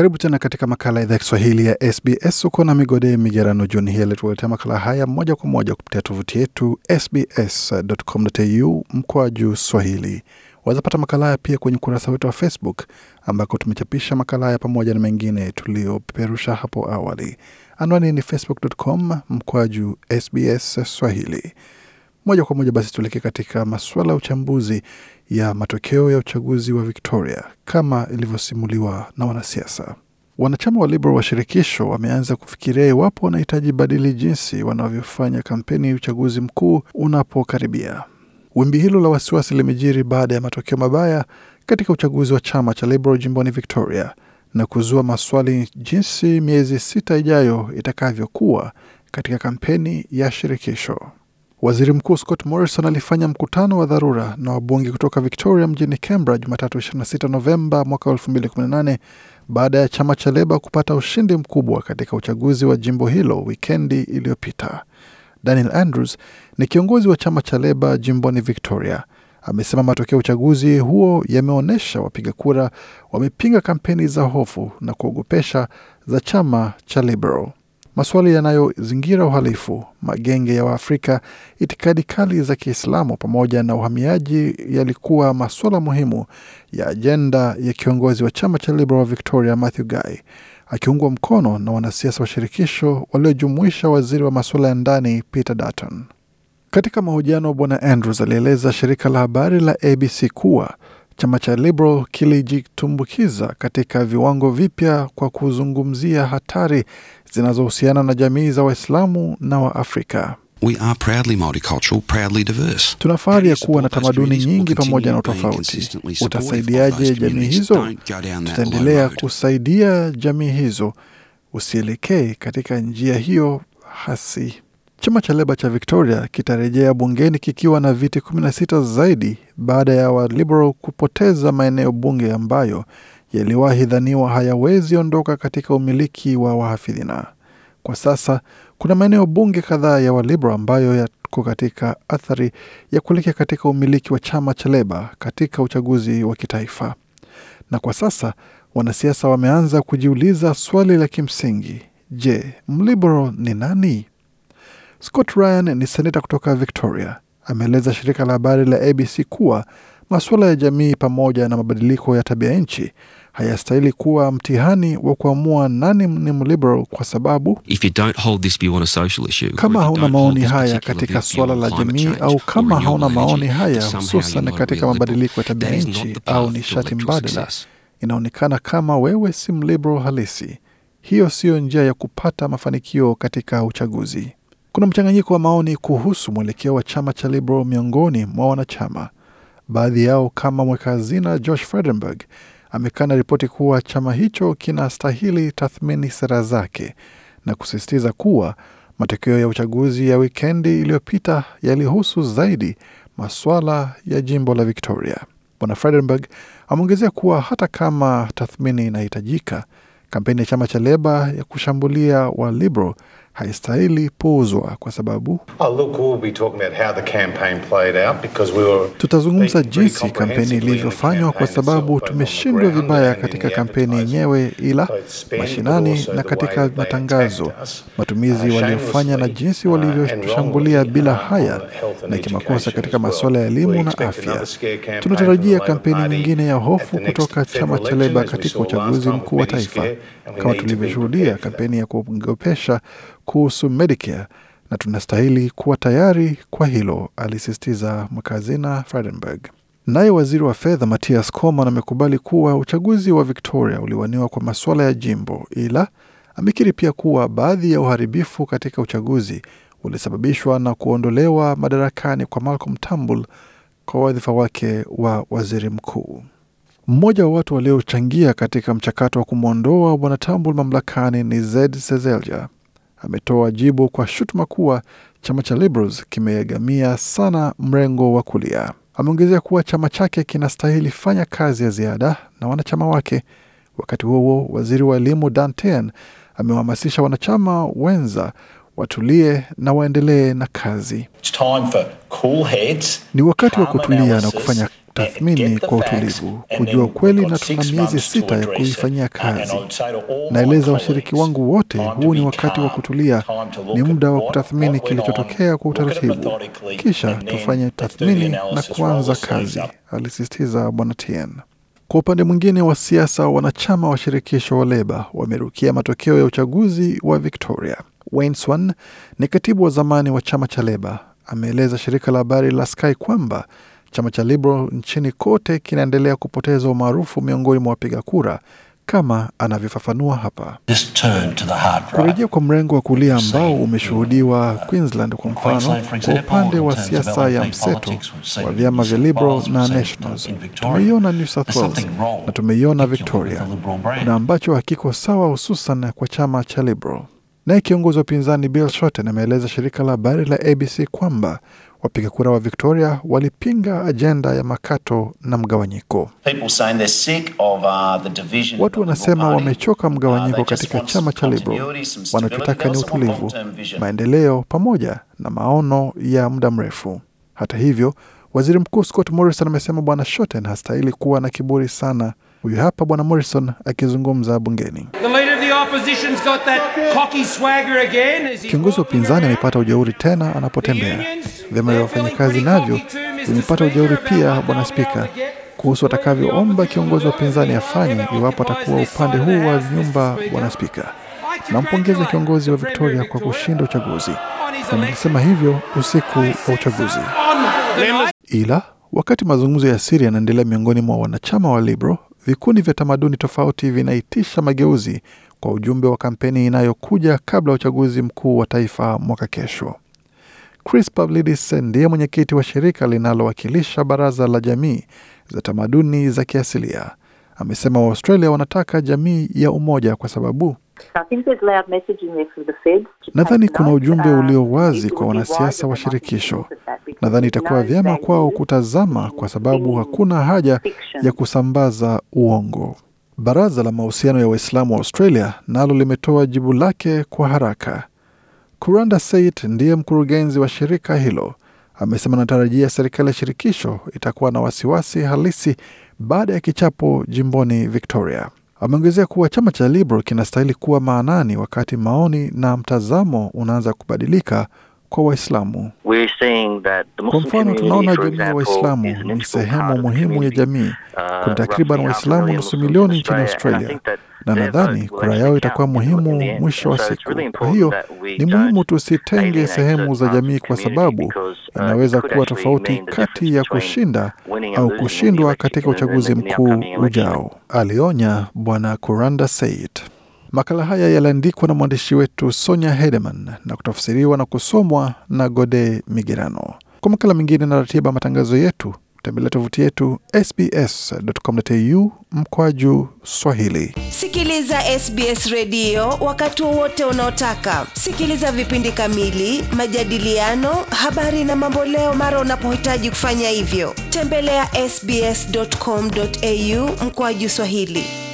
Karibu tena katika makala ya idhaa ya Kiswahili ya SBS. Uko na migode Migerano John hii alituletea makala haya moja kwa moja kupitia tovuti yetu sbs.com.au mkoa juu swahili. Wazapata makala haya pia kwenye ukurasa wetu wa Facebook ambako tumechapisha makala haya pamoja na mengine tuliyopeperusha hapo awali. Anwani ni facebook.com mkoa juu sbs swahili. Moja kwa moja basi tuelekee katika masuala ya uchambuzi ya matokeo ya uchaguzi wa Victoria kama ilivyosimuliwa na wanasiasa. Wanachama wa Liberal wa shirikisho wameanza kufikiria iwapo wanahitaji badili jinsi wanavyofanya kampeni uchaguzi mkuu unapokaribia. Wimbi hilo la wasiwasi limejiri baada ya matokeo mabaya katika uchaguzi wa chama cha Liberal jimboni Victoria na kuzua maswali jinsi miezi sita ijayo itakavyokuwa katika kampeni ya shirikisho. Waziri Mkuu Scott Morrison alifanya mkutano wa dharura na wabunge kutoka Victoria mjini Canberra Jumatatu 26 Novemba mwaka 2018 baada ya chama cha Leba kupata ushindi mkubwa katika uchaguzi wa jimbo hilo wikendi iliyopita. Daniel Andrews ni kiongozi wa chama cha Leba jimboni Victoria. Amesema matokeo ya uchaguzi huo yameonyesha wapiga kura wamepinga kampeni za hofu na kuogopesha za chama cha Liberal. Maswali yanayozingira uhalifu, magenge ya Waafrika, itikadi kali za Kiislamu pamoja na uhamiaji yalikuwa maswala muhimu ya ajenda ya kiongozi wa chama cha Liberal Victoria Matthew Guy, akiungwa mkono na wanasiasa wa shirikisho waliojumuisha waziri wa masuala ya ndani Peter Dutton. Katika mahojiano, Bwana Andrews alieleza shirika la habari la ABC kuwa Chama cha Liberal kilijitumbukiza katika viwango vipya kwa kuzungumzia hatari zinazohusiana na jamii za Waislamu na Waafrika. We are proudly multicultural, proudly diverse. Tuna fahari ya kuwa na tamaduni nyingi pamoja na utofauti. Utasaidiaje jamii hizo? Tutaendelea kusaidia jamii hizo. Usielekee katika njia hiyo hasi. Chama cha Leba cha Victoria kitarejea bungeni kikiwa na viti 16 zaidi baada ya Waliberal kupoteza maeneo bunge ambayo yaliwahi dhaniwa hayawezi ondoka katika umiliki wa wahafidhina. Kwa sasa kuna maeneo bunge kadhaa ya Waliberal ambayo yako katika athari ya kuelekea katika umiliki wa chama cha Leba katika uchaguzi wa kitaifa, na kwa sasa wanasiasa wameanza kujiuliza swali la kimsingi: je, mliberal ni nani? Scott Ryan ni seneta kutoka Victoria, ameeleza shirika la habari la ABC kuwa masuala ya jamii pamoja na mabadiliko ya tabia nchi hayastahili kuwa mtihani wa kuamua nani ni mliberal kwa sababu If you don't hold this view on a social issue, kama hauna maoni haya katika suala la jamii au kama hauna maoni haya hususan katika mabadiliko ya tabia nchi au nishati mbadala, inaonekana kama wewe si mliberal halisi. Hiyo siyo njia ya kupata mafanikio katika uchaguzi. Kuna mchanganyiko wa maoni kuhusu mwelekeo wa chama cha Liberal miongoni mwa wanachama. Baadhi yao kama mweka hazina Josh Frydenberg amekana ripoti kuwa chama hicho kinastahili tathmini sera zake na kusisitiza kuwa matokeo ya uchaguzi ya wikendi iliyopita yalihusu zaidi masuala ya jimbo la Victoria. Bwana Frydenberg ameongezea kuwa hata kama tathmini inahitajika, kampeni ya chama cha Leba ya kushambulia wa Liberal haistahili puuzwa kwa sababu oh, tutazungumza jinsi kampeni ilivyofanywa, kwa sababu tumeshindwa vibaya katika kampeni yenyewe, ila mashinani na katika matangazo, matumizi uh, waliofanya na jinsi uh, walivyoshambulia bila uh, haya na kimakosa katika masuala ya elimu na afya. Tunatarajia kampeni nyingine ya hofu kutoka chama cha Leba katika uchaguzi mkuu wa taifa, kama tulivyoshuhudia kampeni ya kuogopesha kuhusu Medicare na tunastahili kuwa tayari kwa hilo, alisisitiza Mwakazina fredenberg Naye waziri wa fedha matias Cormann amekubali kuwa uchaguzi wa Victoria uliwaniwa kwa masuala ya jimbo, ila amekiri pia kuwa baadhi ya uharibifu katika uchaguzi ulisababishwa na kuondolewa madarakani kwa Malcolm Turnbull kwa wadhifa wake wa waziri mkuu. Mmoja wa watu waliochangia katika mchakato wa kumwondoa bwana Turnbull mamlakani ni Zed Sezelja ametoa jibu kwa shutuma kuwa chama cha Liberals kimeegamia sana mrengo wa kulia. Ameongezea kuwa chama chake kinastahili fanya kazi ya ziada na wanachama wake. Wakati huo huo, waziri wa elimu Dan Tehan amewahamasisha wanachama wenza watulie na waendelee na kazi. Cool heads, ni wakati wa kutulia na kufanya tathmini kwa utulivu, kujua ukweli, na tuna miezi sita ya kuifanyia uh, kazi. Naeleza washiriki wangu wote, huu ni wakati wa kutulia, ni muda wa kutathmini kilichotokea kwa utaratibu, kisha tufanye tathmini na kuanza kazi, alisisitiza Bwana Tien. Kwa upande mwingine wa siasa, wanachama wa shirikisho wa Leba wamerukia matokeo ya uchaguzi wa Victoria. Wayne Swan ni katibu wa zamani wa chama cha Leba, ameeleza shirika la habari la Sky kwamba chama cha Liberal nchini kote kinaendelea kupoteza umaarufu miongoni mwa wapiga kura kama anavyofafanua hapa. Kurejea kwa mrengo wa kulia ambao umeshuhudiwa uh, Queensland kwa mfano, kwa upande wa siasa ya mseto wa vyama vya Liberal na Nationals, tumeiona New South Wales na tumeiona Victoria. Kuna ambacho hakiko sawa, hususan kwa chama cha Liberal. Naye kiongozi wa upinzani Bill Shorten ameeleza shirika la habari la ABC kwamba wapiga kura wa Victoria walipinga ajenda ya makato na mgawanyiko. Of, uh, watu wanasema wamechoka uh, mgawanyiko uh, katika chama cha Liberal. Wanachotaka ni utulivu, maendeleo pamoja na maono ya muda mrefu. Hata hivyo, waziri mkuu Scott Morrison amesema bwana Shorten hastahili kuwa na kiburi sana. Huyu hapa bwana Morrison akizungumza bungeni. Kiongozi wa upinzani amepata ujeuri tena anapotembea. Vyama vya wafanyakazi navyo vimepata ujeuri pia, Bwana Spika, kuhusu atakavyoomba kiongozi wa upinzani afanye iwapo atakuwa upande huu wa nyumba. Bwana Spika, nampongeza kiongozi wa Victoria kwa kushinda uchaguzi, na nilisema hivyo usiku wa uchaguzi, ila wakati mazungumzo ya siri yanaendelea miongoni mwa wanachama wa Liberal vikundi vya tamaduni tofauti vinaitisha mageuzi kwa ujumbe wa kampeni inayokuja kabla ya uchaguzi mkuu wa taifa mwaka kesho. Chris Pavlidis ndiye mwenyekiti wa shirika linalowakilisha baraza la jamii za tamaduni za kiasilia. Amesema Waaustralia wanataka jamii ya umoja kwa sababu nadhani kuna ujumbe ulio uh, wazi kwa wanasiasa wa shirikisho Nadhani itakuwa vyema kwao kutazama, kwa sababu hakuna haja ya kusambaza uongo. Baraza la mahusiano ya Waislamu wa Australia nalo limetoa jibu lake kwa haraka. Kuranda Sait ndiye mkurugenzi wa shirika hilo, amesema anatarajia serikali ya shirikisho itakuwa na wasiwasi halisi baada ya kichapo jimboni Victoria. Ameongezea kuwa chama cha Liberal kinastahili kuwa maanani wakati maoni na mtazamo unaanza kubadilika kwa Waislamu. Kwa mfano, tunaona jamii ya Waislamu ni sehemu muhimu ya jamii. Uh, Kuna takriban Waislamu nusu milioni nchini Australia, na nadhani kura yao itakuwa muhimu mwisho wa siku. Kwa hiyo ni muhimu tusitenge sehemu za jamii, kwa sababu uh, inaweza kuwa tofauti kati ya kushinda au kushindwa katika uchaguzi mkuu ujao, alionya Bwana Kuranda Said. Makala haya yaliandikwa na mwandishi wetu Sonya Hedeman na kutafsiriwa na kusomwa na Gode Migerano. Kwa makala mengine na ratiba matangazo yetu tembelea tovuti yetu sbs.com.au mkwaju Swahili. Sikiliza SBS redio wakati wowote unaotaka. Sikiliza vipindi kamili, majadiliano, habari na mamboleo mara unapohitaji kufanya hivyo. Tembelea sbs.com.au mkwaju Swahili.